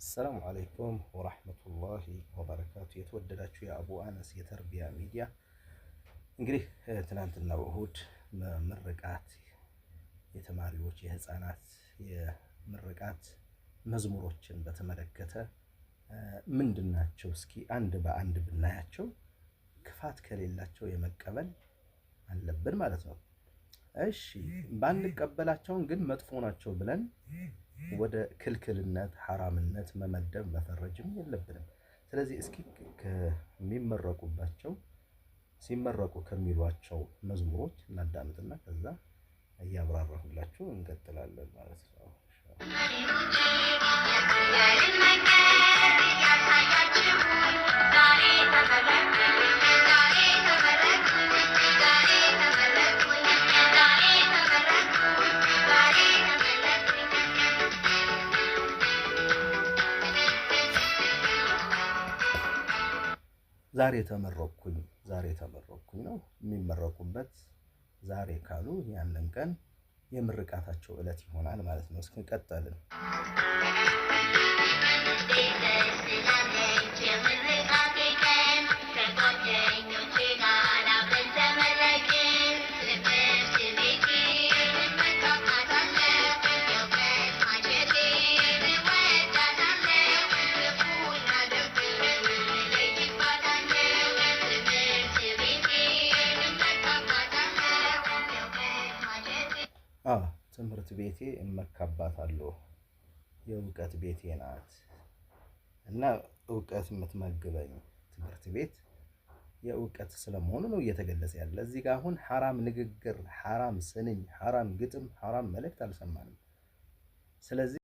አሰላሙ አለይኩም ወራህመቱላሂ ወበረካቱ። የተወደዳችሁ የአቡ አነስ የተርቢያ ሚዲያ እንግዲህ ትናንትና እሁድ ምርቃት የተማሪዎች የህፃናት የምርቃት መዝሙሮችን በተመለከተ ምንድን ናቸው? እስኪ አንድ በአንድ ብናያቸው ክፋት ከሌላቸው የመቀበል አለብን ማለት ነው። እሺ ባንቀበላቸውን ግን መጥፎ ናቸው ብለን ወደ ክልክልነት ሐራምነት መመደብ መፈረጅም የለብንም። ስለዚህ እስኪ ከሚመረቁባቸው ሲመረቁ ከሚሏቸው መዝሙሮች እናዳምጥና ከዛ እያብራራሁላችሁ እንቀጥላለን ማለት ነው። ዛሬ ተመረኩኝ ዛሬ ተመረኩኝ ነው የሚመረቁበት። ዛሬ ካሉ ያንን ቀን የምርቃታቸው ዕለት ይሆናል ማለት ነው። እስኪ ትምህርት ቤቴ እመካባታለሁ የእውቀት ቤቴ ናት። እና እውቀት የምትመግበኝ ትምህርት ቤት የእውቀት ስለመሆኑ ነው እየተገለጸ ያለ። እዚህ ጋር አሁን ሐራም ንግግር፣ ሐራም ስንኝ፣ ሐራም ግጥም፣ ሐራም መልእክት አልሰማንም። ስለዚህ